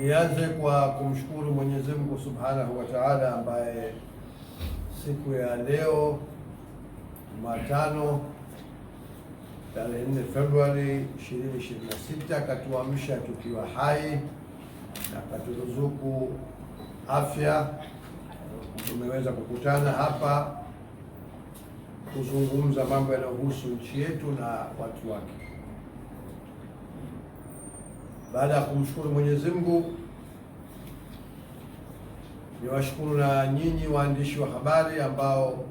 Nianze kwa kumshukuru Mwenyezi Mungu Subhanahu wa Ta'ala ambaye siku ya leo Jumatano tarehe 4 Februari 2026 akatuamsha tukiwa hai na katuruzuku afya, tumeweza kukutana hapa kuzungumza mambo yanayohusu nchi yetu na watu wake. Baada ya kumshukuru Mwenyezi Mungu, niwashukuru na nyinyi waandishi wa habari ambao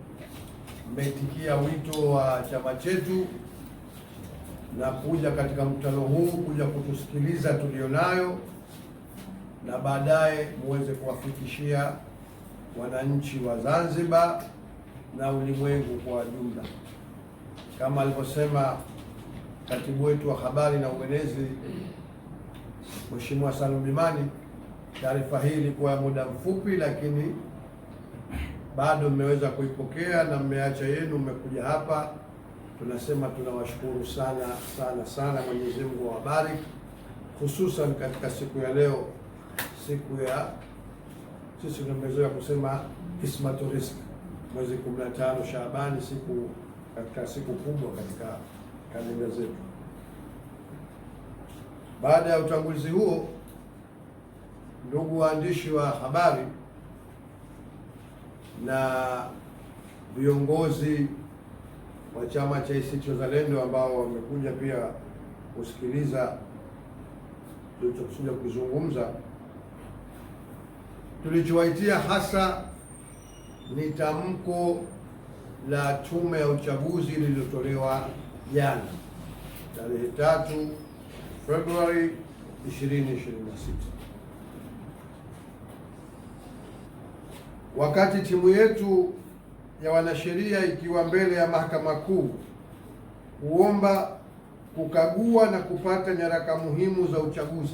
mmeitikia wito wa chama chetu na kuja katika mkutano huu kuja kutusikiliza tulionayo, na baadaye muweze kuwafikishia wananchi wa Zanzibar na ulimwengu kwa jumla. Kama alivyosema katibu wetu wa habari na uenezi Mheshimiwa Salum limani taarifa hii ilikuwa ya muda mfupi, lakini bado mmeweza kuipokea na mmeacha yenu, mmekuja hapa. Tunasema tunawashukuru sana sana sana. Mwenyezi Mungu awabariki, hususan katika siku ya leo, siku ya sisi tumezoea kusema Kismatu mwezi 15 Shaabani, siku katika siku kubwa katika kalenda zetu. Baada ya utangulizi huo, ndugu waandishi wa habari na viongozi wa chama cha ACT Wazalendo ambao wamekuja pia kusikiliza tulichokusudia kuzungumza tulichowaitia hasa ni tamko la Tume ya Uchaguzi lililotolewa jana tarehe tatu february 2026. Wakati timu yetu ya wanasheria ikiwa mbele ya Mahakama Kuu kuomba kukagua na kupata nyaraka muhimu za uchaguzi,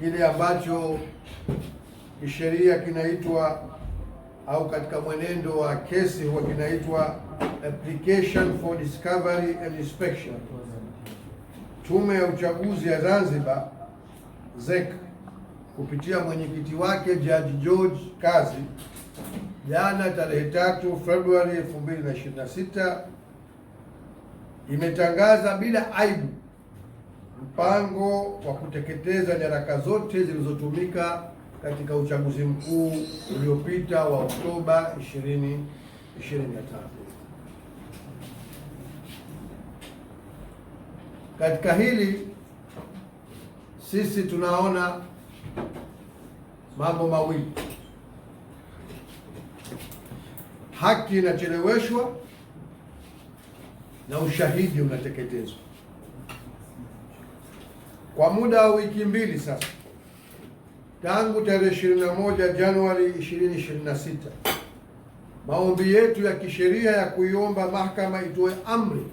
kile ambacho kisheria kinaitwa au katika mwenendo wa kesi huwa kinaitwa application for discovery and inspection Tume ya Uchaguzi ya Zanzibar ZEC kupitia mwenyekiti wake Jaji George Kazi jana tarehe 3 Februari 2026 imetangaza bila aibu mpango wa kuteketeza nyaraka zote zilizotumika katika uchaguzi mkuu uliopita wa Oktoba 2025. Katika hili sisi tunaona mambo mawili: haki inacheleweshwa na ushahidi unateketezwa. Kwa muda wa wiki mbili sasa tangu tarehe 21 Januari 2026 maombi yetu ya kisheria ya kuiomba mahakama itoe amri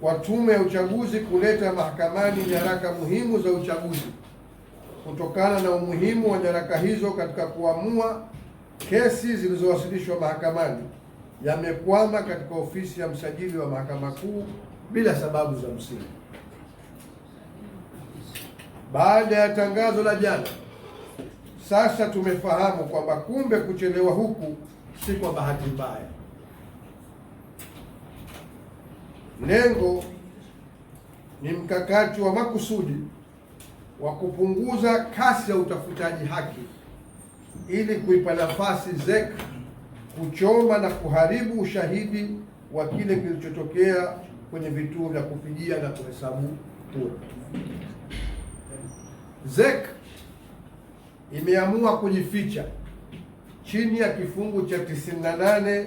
kwa Tume ya Uchaguzi kuleta mahakamani nyaraka muhimu za uchaguzi kutokana na umuhimu wa nyaraka hizo katika kuamua kesi zilizowasilishwa mahakamani yamekwama katika ofisi ya msajili wa mahakama kuu bila sababu za msingi. Baada ya tangazo la jana, sasa tumefahamu kwamba kumbe kuchelewa huku si kwa bahati mbaya. Lengo ni mkakati wa makusudi wa kupunguza kasi ya utafutaji haki ili kuipa nafasi ZEC kuchoma na kuharibu ushahidi wa kile kilichotokea kwenye vituo vya kupigia na kuhesabu kura. ZEC imeamua kujificha chini ya kifungu cha 98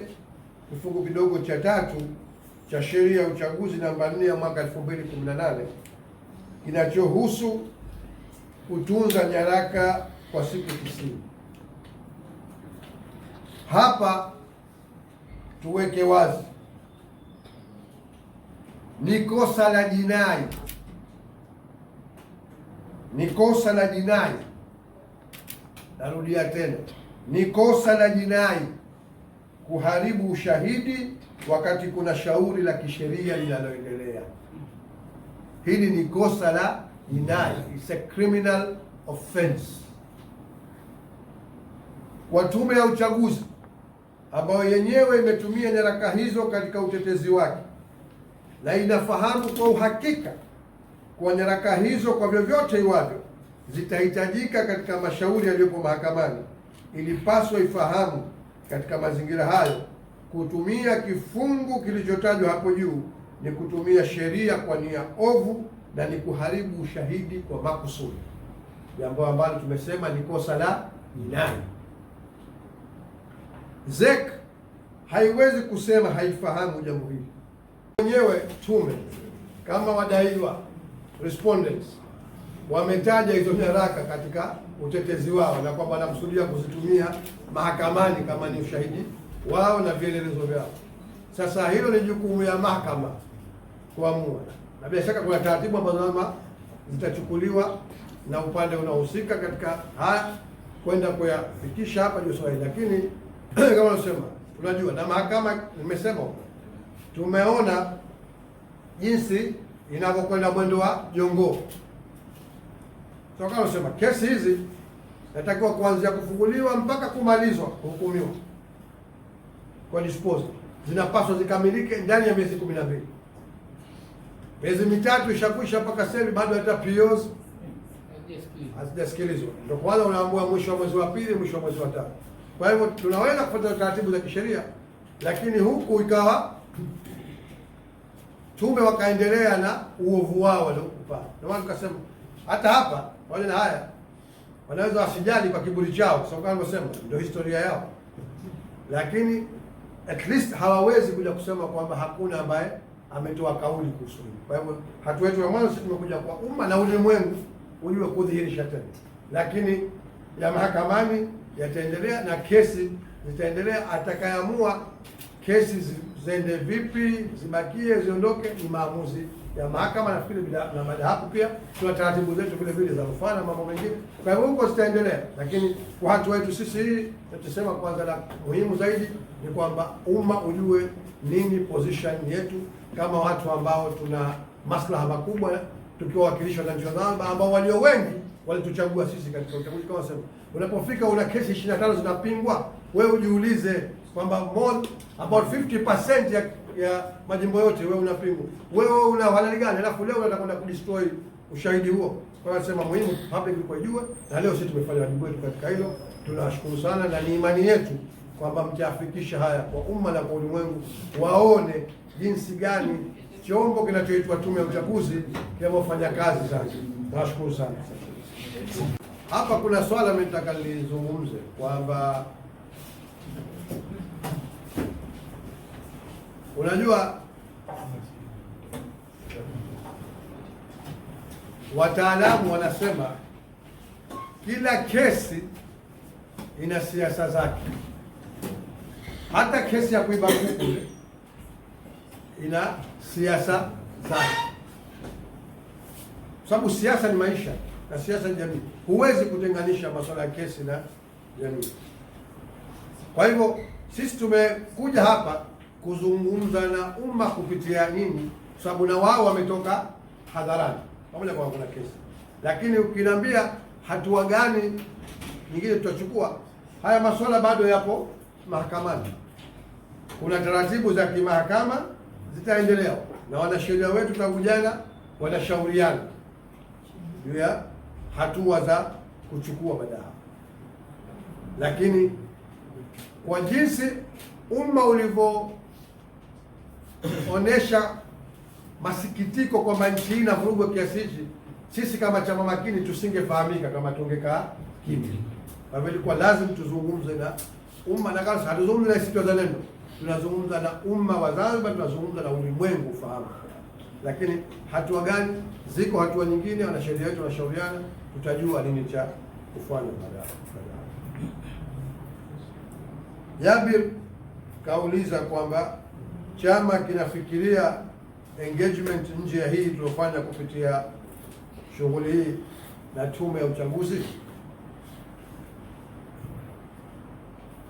kifungu kidogo cha tatu cha sheria ya uchaguzi namba 4 ya mwaka 2018 kinachohusu kutunza nyaraka kwa siku 90. Hapa tuweke wazi, ni kosa la jinai, ni kosa la jinai. Narudia tena, ni kosa la jinai kuharibu ushahidi wakati kuna shauri la kisheria linaloendelea. Hili ni kosa la jinai, it's a criminal offense. Kwa tume ya uchaguzi ambayo yenyewe imetumia nyaraka hizo katika utetezi wake na inafahamu kwa uhakika kwa nyaraka hizo kwa vyovyote iwavyo zitahitajika katika mashauri yaliyopo mahakamani, ilipaswa ifahamu katika mazingira hayo kutumia kifungu kilichotajwa hapo juu ni kutumia sheria kwa nia ovu na ni kuharibu ushahidi kwa makusudi, jambo ambalo tumesema ni kosa la jinai. ZEC haiwezi kusema haifahamu jambo hili. Wenyewe tume kama wadaiwa respondents wametaja hizo nyaraka katika utetezi wao na kwamba wanakusudia kuzitumia mahakamani kama ni ushahidi wao na vielelezo vyao. Sasa hilo ni jukumu ya mahakama kuamua, na bila shaka kuna taratibu ambazo ama zitachukuliwa na upande unaohusika katika haya kwenda kuyafikisha hapa juu swali, lakini kama unasema, tunajua na mahakama nimesema, tumeona jinsi inavyokwenda mwendo wa jongo. So kama unasema, kesi hizi natakiwa kuanzia kufunguliwa mpaka kumalizwa kuhukumiwa kwa disposal zinapaswa zikamilike ndani ya miezi kumi na mbili. Miezi mitatu ishakwisha mpaka sasa bado hata POs hazijasikilizwa, ndio kwanza unaambua mwisho wa mwezi wa pili, mwisho wa mwezi wa tatu. Kwa hivyo tunaweza kufuata taratibu za kisheria, lakini huku ikawa tume wakaendelea na uovu wao waliokupaa. Ndio maana tukasema hata hapa wale na haya wanaweza wasijali kwa kiburi chao, kwa sababu kama ndio historia yao, lakini at least hawawezi kuja kusema kwamba hakuna ambaye ametoa kauli kuhusu hili. Kwa hivyo hatua yetu ya mwanzo sisi tumekuja kwa umma na ulimwengu ujue kudhihirisha tena, lakini ya mahakamani yataendelea na kesi zitaendelea. Atakayeamua kesi ziende vipi, zibakie, ziondoke, ni maamuzi ya mahakama. Nafikiri na baada hapo pia tuna taratibu zetu vile vile za rufaa na mambo mengine. Kwa hivyo huko zitaendelea, lakini kwa hatua yetu sisi hii tutasema kwanza, la muhimu zaidi ni kwamba umma ujue nini position yetu kama watu ambao tuna maslaha makubwa tukiwawakilishwa na Zanzibar ambao walio wengi walituchagua sisi katika uchaguzi. Kama sema unapofika una kesi 25 zinapingwa, wewe ujiulize kwamba more about 50% ya, ya majimbo yote wewe unapingwa, wewe una halali gani? Alafu leo unataka kwenda kudestroy ushahidi huo. Kwa hiyo sema muhimu public ijue, na leo sisi tumefanya wajibu wetu katika hilo. Tunashukuru sana na ni imani yetu kwamba mtaafikisha haya kwa umma na kwa ulimwengu, waone jinsi gani chombo kinachoitwa Tume ya Uchaguzi kinavyofanya kazi sasa. Nawashukuru sana. Hapa kuna swala mimi nataka nilizungumze kwamba unajua wataalamu wanasema kila kesi ina siasa zake hata kesi ya kuiba kuku ina siasa zake, kwa sababu siasa ni maisha na siasa ni jamii. Huwezi kutenganisha masuala ya kesi na jamii. Kwa hivyo sisi tumekuja hapa kuzungumza na umma kupitia nini, kwa sababu na wao wametoka hadharani pamoja kwa kuna kesi, lakini ukiniambia hatua gani nyingine tutachukua, haya masuala bado yapo mahakamani kuna taratibu za kimahakama zitaendelewa na wanasheria wetu, tangu jana wanashauriana juu ya hatua za kuchukua baadaye, lakini kwa jinsi umma ulivyoonyesha masikitiko kwamba nchi hii vurugu kiasi hichi, sisi kama chama makini tusingefahamika kama tungekaa kimya. Kwa hivyo ilikuwa lazima tuzungumze na umma, na kama hatuzungumze na sisi wazalendo tunazungumza na umma wa Zanzibar, tunazungumza na ulimwengu ufahamu. Lakini hatua gani ziko, hatua nyingine, wanasheria wetu wanashauriana, tutajua nini cha kufanya baadaye. Jabir kauliza kwamba chama kinafikiria engagement nje ya hii tuliofanya kupitia shughuli hii na tume ya uchaguzi.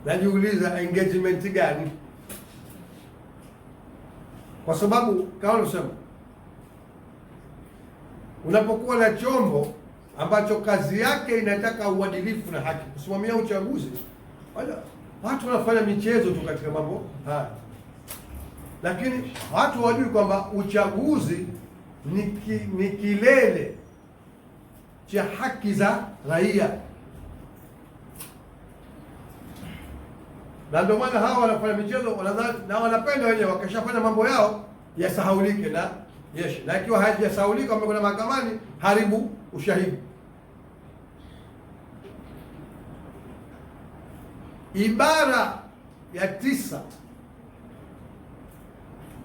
Najiuliza engagement gani? Kwa sababu kama unasema unapokuwa na chombo ambacho kazi yake inataka uadilifu na haki, kusimamia uchaguzi, watu wanafanya michezo tu katika mambo haya, lakini watu wajui kwamba uchaguzi ni, ki, ni kilele cha haki za raia. na ndio maana hawa wanafanya michezo wanadhani na wanapenda wenyewe, wakishafanya mambo yao yasahaulike na yes, na ikiwa hayajasahaulika wamekwenda mahakamani, haribu ushahidi. Ibara ya tisa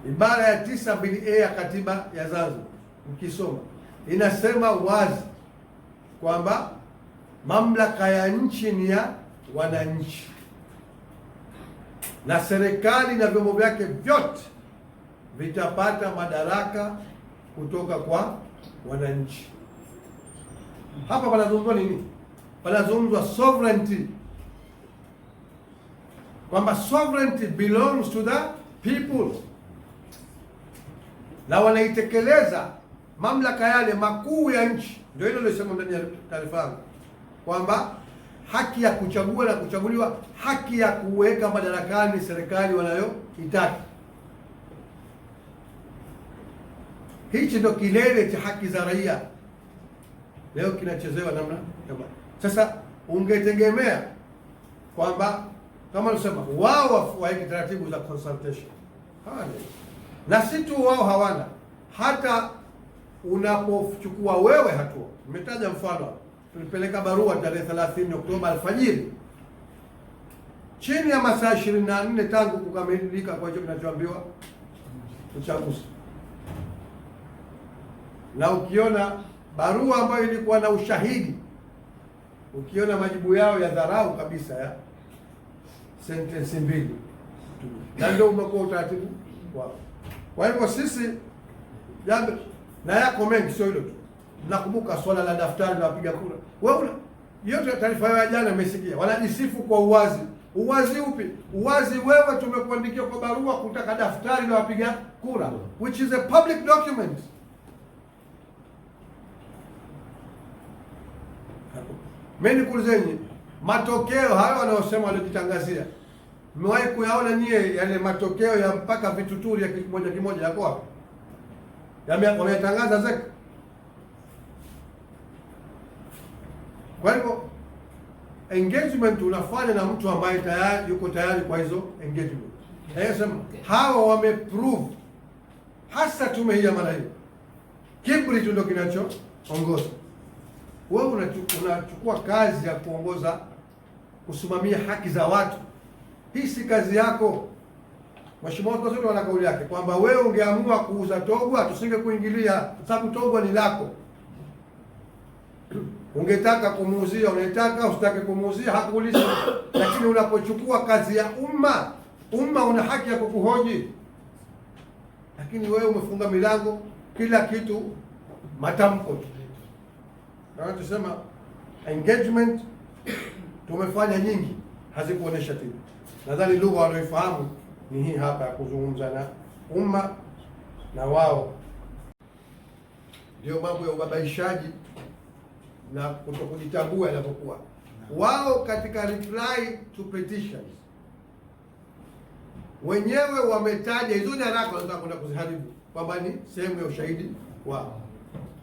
ibara ya tisa bili a ya katiba ya Zanzibar ukisoma inasema wazi kwamba mamlaka ya nchi ni ya wananchi na serikali na vyombo vyake vyote vitapata madaraka kutoka kwa wananchi. Hapa panazungumzwa nini? Panazungumzwa sovereignty, kwamba sovereignty belongs to the people, na wanaitekeleza mamlaka yale makuu ya nchi. Ndio hilo lilosema ndani ya taarifa yangu kwamba haki ya kuchagua na kuchaguliwa, haki ya kuweka madarakani serikali wanayoitaka. Hichi ndo kilele cha haki za raia, leo kinachezewa namna kama. Sasa ungetegemea kwamba kama alisema wao waweke taratibu za consultation hawana, na si tu wao hawana, hata unapochukua wewe hatua, nimetaja mfano tulipeleka barua tarehe 30 Oktoba alfajiri, chini ya masaa 24 tangu kukamilika kwa hicho kinachoambiwa uchaguzi. Na ukiona barua ambayo ilikuwa na ushahidi, ukiona majibu yao ya dharau kabisa ya sentensi mbili, na ndio umekuwa utaratibu wao. Kwa hivyo sisi jambo na yako mengi, sio hilo tu. Mnakumbuka swala la daftari la wapiga kura? Wewe yote taarifa ya jana umesikia, wanajisifu kwa uwazi. Uwazi upi? Uwazi wewe, tumekuandikia kwa barua kutaka daftari la wapiga kura which is a public document. Mimi nikuulizeni, matokeo hayo wanayosema waliojitangazia, mmewahi kuyaona nyie yale matokeo ya mpaka vituturi ya kimoja kimoja yako wapi? Wameyatangaza ZEC Kwa hivyo engagement unafanya na mtu ambaye tayari yuko tayari kwa hizo engagement. Nasema hawa prove hasa tume hii ya madai, kiburi tu ndio kinachoongoza. Wewe unachukua kazi ya kuongoza, kusimamia haki za watu, hii si kazi yako. Mheshimiwa Kasuri ana kauli yake kwamba wewe ungeamua kuuza Togwa tusingekuingilia, sababu Togwa ni lako. Ungetaka kumuuzia, ungetaka usitake kumuuzia, hakuuliza lakini unapochukua kazi ya umma, umma una haki ya kukuhoji, lakini wewe umefunga milango, kila kitu matamko tu. Tusema engagement tumefanya nyingi, hazikuonesha kitu. Nadhani lugha wanaoifahamu ni hii hapa ya kuzungumza na umma na wao, ndio mambo ya ubabaishaji na kutokujitambua inapokuwa wao katika reply to petitions wenyewe wametaja hizo nyaraka wanataka kwenda kuziharibu kwamba ni sehemu ya ushahidi wa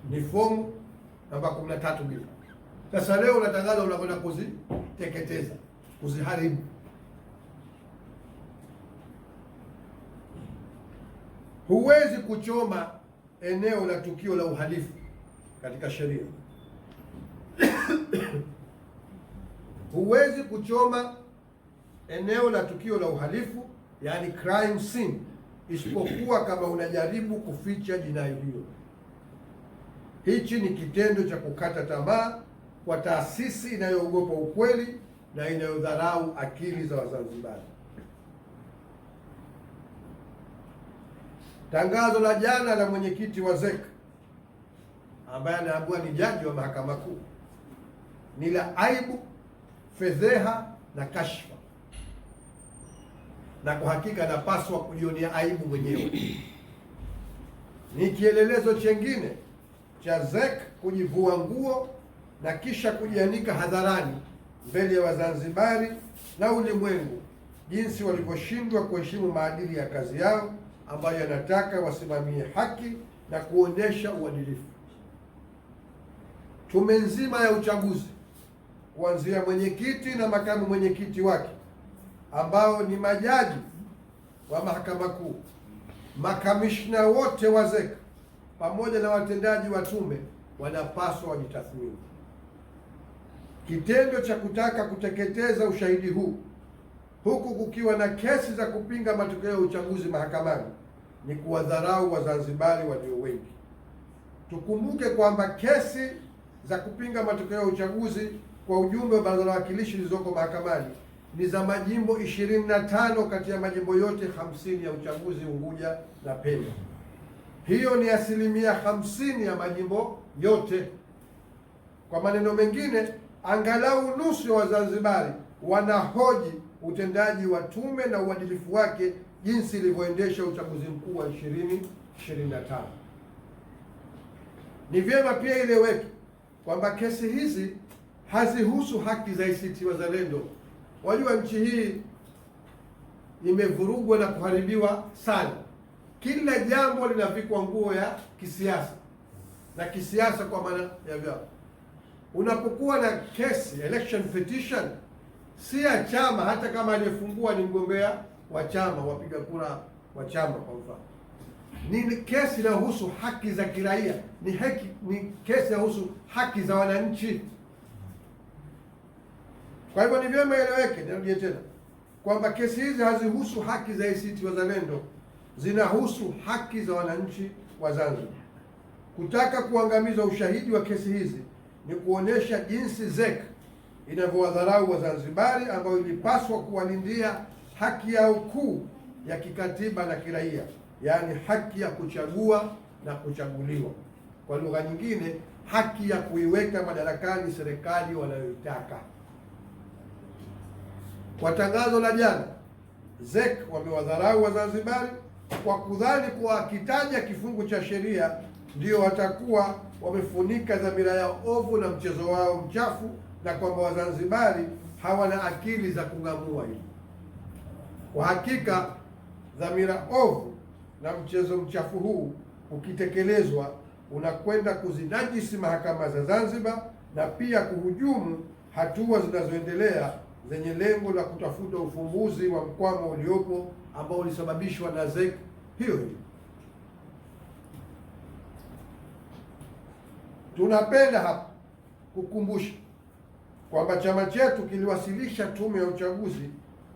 ni fomu namba 13b. Sasa leo unatangaza unakwenda kuziteketeza, kuziharibu. Huwezi kuchoma eneo la tukio la uhalifu katika sheria huwezi kuchoma eneo la tukio la uhalifu, yani crime scene, isipokuwa kama unajaribu kuficha jinai hiyo. Hichi ni kitendo cha kukata tamaa kwa taasisi inayoogopa ukweli na inayodharau akili za Wazanzibari. Tangazo la jana la mwenyekiti wa ZEC ambaye anaambua ni jaji wa mahakama kuu ni la aibu, fedheha na kashfa, na kwa hakika napaswa kujionea aibu mwenyewe. Ni kielelezo chengine cha zek kujivua nguo na kisha kujianika hadharani mbele ya Wazanzibari na ulimwengu jinsi walivyoshindwa kuheshimu maadili ya kazi yao ambayo yanataka wasimamie haki na kuonyesha uadilifu. Tume nzima ya uchaguzi kuanzia mwenyekiti na makamu mwenyekiti wake ambao ni majaji wa mahakama kuu, makamishna wote wa ZECA pamoja na watendaji wa tume wanapaswa wajitathmini. Kitendo cha kutaka kuteketeza ushahidi huu huku kukiwa na kesi za kupinga matokeo ya uchaguzi mahakamani ni kuwadharau Wazanzibari walio wengi. Tukumbuke kwamba kesi za kupinga matokeo ya uchaguzi kwa ujumbe wa Baraza la Wawakilishi zilizoko mahakamani ni za majimbo 25 kati ya majimbo yote 50 ya uchaguzi Unguja na Pemba. Hiyo ni asilimia 50 ya majimbo yote. Kwa maneno mengine, angalau nusu ya Wazanzibari wanahoji utendaji wa tume na uadilifu wake jinsi ilivyoendesha uchaguzi mkuu wa 2025. Ni vyema pia ileweke kwamba kesi hizi hazihusu haki za ACT Wazalendo. Wajua nchi hii imevurugwa na kuharibiwa sana, kila jambo linavikwa nguo ya kisiasa na kisiasa kwa maana ya vyama. Unapokuwa na kesi election petition, si ya chama, hata kama aliyefungua ni mgombea wa chama, wapiga kura wa chama, kwa mfano, ni kesi inayohusu haki za kiraia, ni ni kesi inayohusu haki za wananchi. Kwa hivyo ni vyema ieleweke, nirudie tena kwamba kesi hizi hazihusu haki za ACT Wazalendo, zinahusu haki za wananchi wa Zanzibar. Kutaka kuangamiza ushahidi wa kesi hizi ni kuonesha jinsi ZEC inavyowadharau Wazanzibari ambao ilipaswa kuwalindia haki yao kuu ya kikatiba na kiraia, yaani haki ya kuchagua na kuchaguliwa, kwa lugha nyingine, haki ya kuiweka madarakani serikali wanayoitaka. Kwa tangazo la jana, ZEC wamewadharau Wazanzibari kwa kudhani kuwa wakitaja kifungu cha sheria ndio watakuwa wamefunika dhamira yao ovu na mchezo wao mchafu na kwamba Wazanzibari hawana akili za kung'amua hili. Kwa hakika dhamira ovu na mchezo mchafu huu ukitekelezwa, unakwenda kuzinajisi mahakama za Zanzibar na pia kuhujumu hatua zinazoendelea zenye lengo la kutafuta ufumbuzi wa mkwamo uliopo ambao ulisababishwa na ZEC hiyo hiyo. Tunapenda hapa kukumbusha kwamba chama chetu kiliwasilisha Tume ya Uchaguzi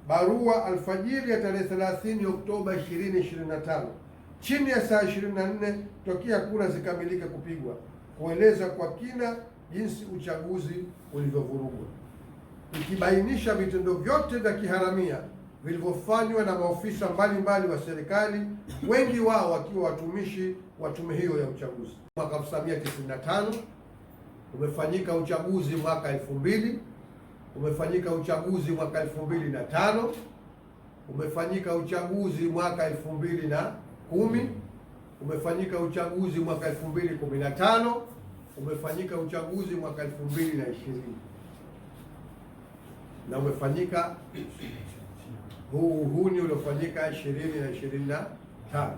barua alfajiri ya tarehe 30 Oktoba 2025 chini ya saa 24 tokea kura zikamilike kupigwa kueleza kwa kina jinsi uchaguzi ulivyovurugwa ikibainisha vitendo vyote vya kiharamia vilivyofanywa na maofisa mbalimbali wa serikali, wengi wao wakiwa watumishi wa tume hiyo ya uchaguzi. Mwaka 1995 umefanyika uchaguzi, mwaka 2000 umefanyika uchaguzi, mwaka 2005 umefanyika uchaguzi, mwaka 2010 umefanyika uchaguzi, mwaka 2015 umefanyika uchaguzi, mwaka 2020 na umefanyika huu uhuni uliofanyika ishirini na ishirini na tano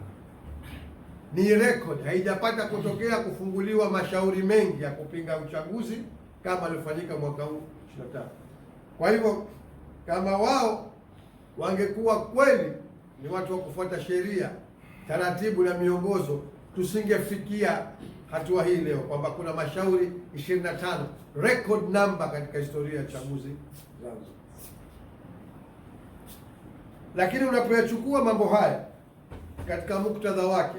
ni record, haijapata kutokea kufunguliwa mashauri mengi ya kupinga uchaguzi kama aliyofanyika mwaka huu 25. Kwa hivyo kama wao wangekuwa kweli ni watu wa kufuata sheria, taratibu na miongozo tusingefikia hatua hii leo, kwamba kuna mashauri 25 record number katika historia ya chaguzi Lakini unapoyachukua mambo haya katika muktadha wake,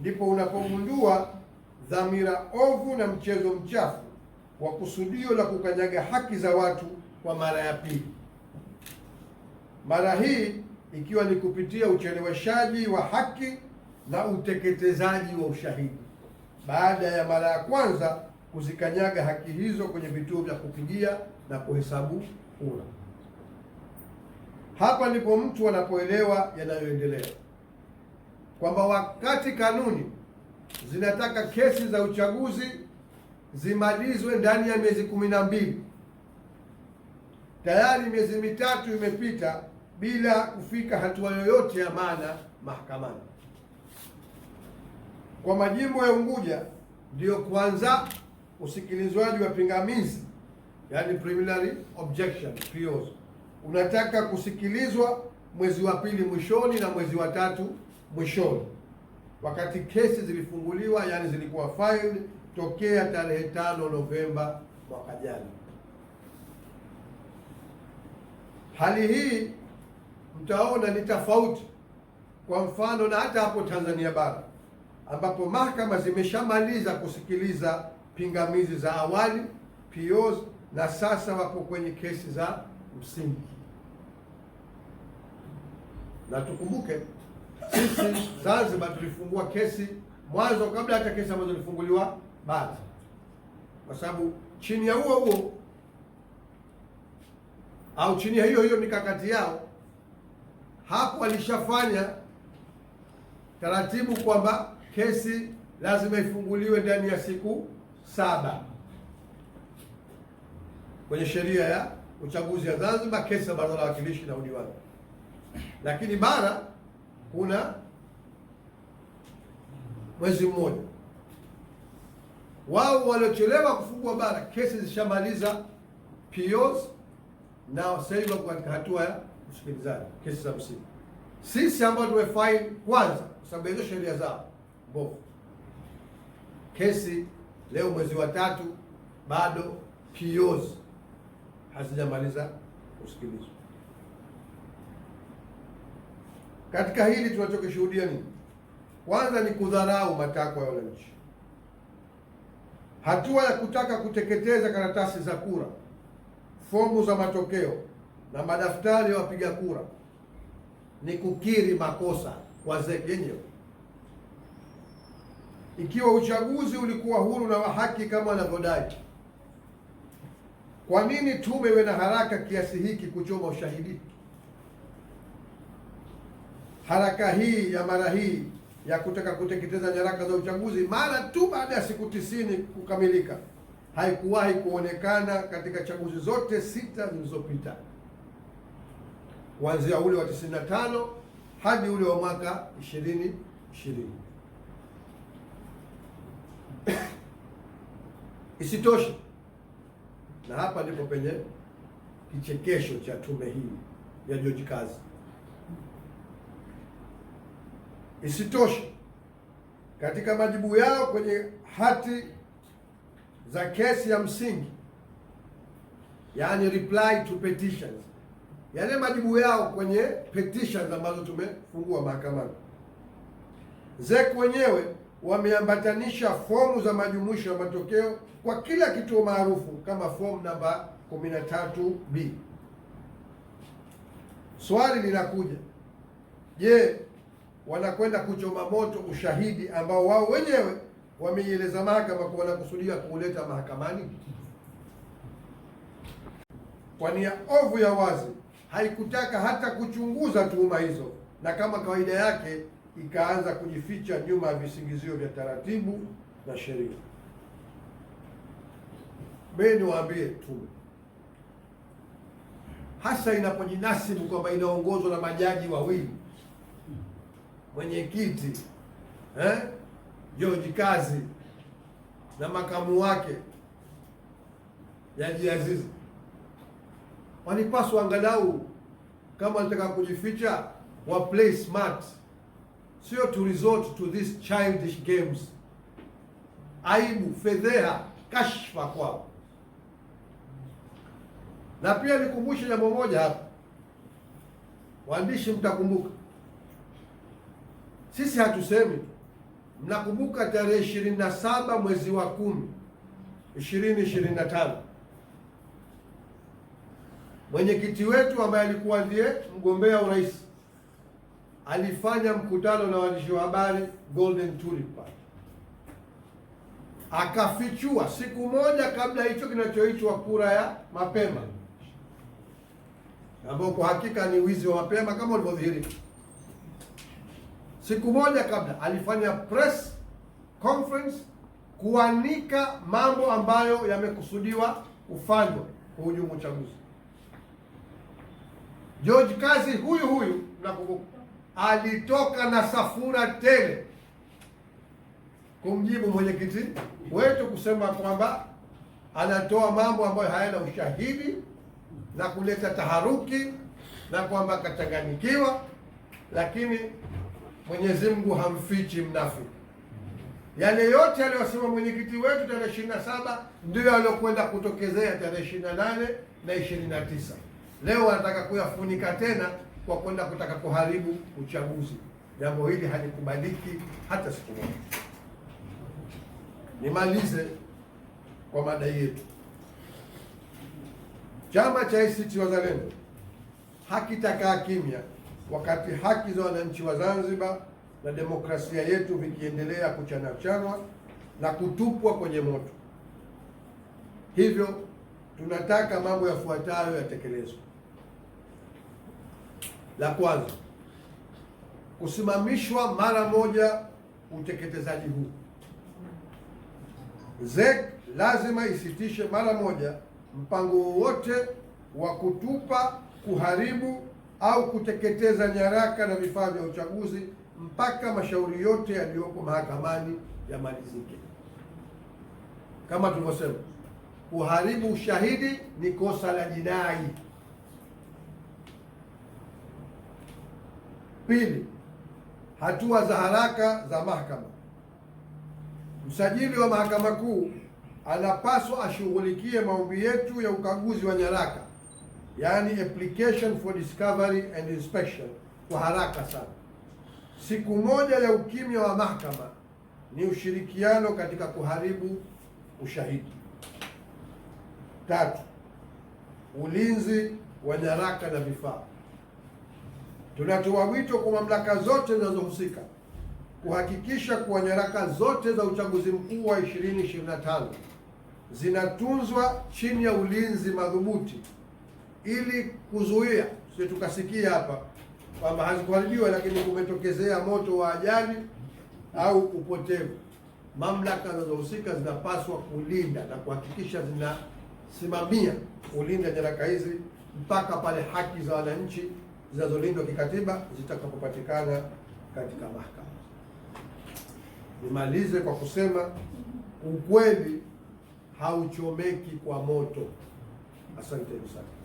ndipo unapogundua dhamira ovu na mchezo mchafu wa kusudio la kukanyaga haki za watu kwa mara ya pili, mara hii ikiwa ni kupitia ucheleweshaji wa haki na uteketezaji wa ushahidi baada ya mara ya kwanza kuzikanyaga haki hizo kwenye vituo vya kupigia na kuhesabu kura. Hapa ndipo mtu anapoelewa yanayoendelea kwamba wakati kanuni zinataka kesi za uchaguzi zimalizwe ndani ya miezi kumi na mbili, tayari miezi mitatu imepita bila kufika hatua yoyote ya maana mahakamani kwa majimbo ya Unguja ndiyo kuanza usikilizwaji wa pingamizi, yani preliminary objection POs, unataka kusikilizwa mwezi wa pili mwishoni na mwezi wa tatu mwishoni, wakati kesi zilifunguliwa, yani zilikuwa filed tokea tarehe tano Novemba mwaka jana. Hali hii mtaona ni tofauti, kwa mfano na hata hapo Tanzania bara ambapo mahakama zimeshamaliza kusikiliza pingamizi za awali POs, na sasa wapo kwenye kesi za msingi. Na tukumbuke sisi Zanzibar tulifungua kesi mwanzo kabla hata kesi ambazo zilifunguliwa baada, kwa sababu chini ya huo huo au chini ya hiyo hiyo mikakati yao hapo walishafanya taratibu kwamba kesi lazima ifunguliwe ndani ya siku saba. Kwenye sheria ya uchaguzi ya Zanzibar, kesi za baraza la wawakilishi na udiwani, lakini bara kuna mwezi mmoja. Wao waliochelewa kufungua bara, kesi zishamaliza POs na sasa hivi wako katika hatua ya usikilizaji kesi za msingi. Sisi ambao tumefaili kwanza, kwa sababu hizo sheria zao mbovu. Kesi leo mwezi wa tatu bado piozi hazijamaliza kusikilizwa. Katika hili tunachokishuhudia ni Kwanza ni kudharau matakwa ya wananchi. Hatua ya kutaka kuteketeza karatasi za kura, fomu za matokeo na madaftari ya wapiga kura ni kukiri makosa kwa ZEC yenyewe ikiwa uchaguzi ulikuwa huru na wa haki kama wanavyodai, kwa nini tume iwe na haraka kiasi hiki kuchoma ushahidi? Haraka hii ya mara hii ya kutaka kuteketeza nyaraka za uchaguzi mara tu baada ya siku tisini kukamilika haikuwahi kuonekana katika chaguzi zote sita zilizopita kuanzia ule wa 95 hadi ule wa mwaka 2020. Isitoshe, na hapa ndipo penye kichekesho cha tume hii ya George Kazi. Isitoshe, katika majibu yao kwenye hati za kesi ya msingi, yaani reply to petitions, yale majibu yao kwenye petitions ambazo tumefungua mahakamani, ZEC wenyewe wameambatanisha fomu za majumuisho ya matokeo kwa kila kituo maarufu kama fomu namba 13B. Swali linakuja, je, wanakwenda kuchoma moto ushahidi ambao wao wenyewe wameieleza mahakama kwa wanakusudia kuuleta mahakamani? Kwa nia ovu ya wazi haikutaka hata kuchunguza tuhuma hizo, na kama kawaida yake ikaanza kujificha nyuma ya visingizio vya taratibu na sheria. Mimi niwaambie tu, hasa inapojinasibu kwamba inaongozwa na majaji wawili, mwenyekiti eh, George Kazi na makamu wake Jaji Azizi, walipaswa angalau kama wanataka kujificha wa play smart sio to resort to these childish games. Aibu, fedheha, kashfa kwao. Na pia nikumbushe jambo moja hapa, waandishi, mtakumbuka sisi hatusemi, mnakumbuka tarehe ishirini na saba mwezi wa kumi ishirini ishirini na tano mwenyekiti wetu ambaye alikuwa ndiye mgombea urais alifanya mkutano na waandishi wa habari Golden Tulip Park, akafichua siku moja kabla hicho kinachoitwa kura ya mapema, ambao kwa hakika ni wizi wa mapema kama ulivyodhihirika. Siku moja kabla alifanya press conference kuanika mambo ambayo yamekusudiwa kufanywa kuhujumu uchaguzi. George Kazi huyu huyu nakumbuka alitoka na safura tele kumjibu mwenyekiti wetu kusema kwamba anatoa mambo ambayo hayana ushahidi na kuleta taharuki na kwamba akachanganyikiwa, lakini Mwenyezi Mungu hamfichi mnafiki. Yale yote aliyosema mwenyekiti wetu tarehe ishirini na saba ndiyo aliyokwenda kutokezea tarehe ishirini na nane na ishirini na tisa. Leo wanataka kuyafunika tena kwa kwenda kutaka kuharibu uchaguzi. Jambo hili halikubaliki hata siku moja. Nimalize kwa madai yetu. Chama cha ACT Wazalendo hakitakaa kimya wakati haki za wananchi wa Zanzibar na demokrasia yetu vikiendelea kuchanachanwa na kutupwa kwenye moto. Hivyo tunataka mambo yafuatayo yatekelezwe. La kwanza kusimamishwa mara moja uteketezaji huu. ZEC lazima isitishe mara moja mpango wowote wa kutupa, kuharibu au kuteketeza nyaraka na vifaa vya uchaguzi mpaka mashauri yote yaliyoko mahakamani yamalizike. Kama tulivyosema, kuharibu ushahidi ni kosa la jinai. Pili, hatua za haraka za mahakama. Msajili wa Mahakama Kuu anapaswa ashughulikie maombi yetu ya ukaguzi wa nyaraka, yaani application for discovery and inspection, kwa haraka sana. Siku moja ya ukimya wa mahakama ni ushirikiano katika kuharibu ushahidi. Tatu, ulinzi wa nyaraka na vifaa. Tunatoa wito kwa mamlaka zote zinazohusika kuhakikisha kuwa nyaraka zote za uchaguzi mkuu wa 2025 zinatunzwa chini ya ulinzi madhubuti, ili kuzuia sio tukasikia hapa kwamba hazikuharibiwa, lakini kumetokezea moto wa ajali au upotevu. Mamlaka zinazohusika zinapaswa kulinda na kuhakikisha zinasimamia kulinda nyaraka hizi mpaka pale haki za wananchi zinazolindwa kikatiba zitakapopatikana katika mahakama. Nimalize kwa kusema ukweli hauchomeki kwa moto. Asanteni sana.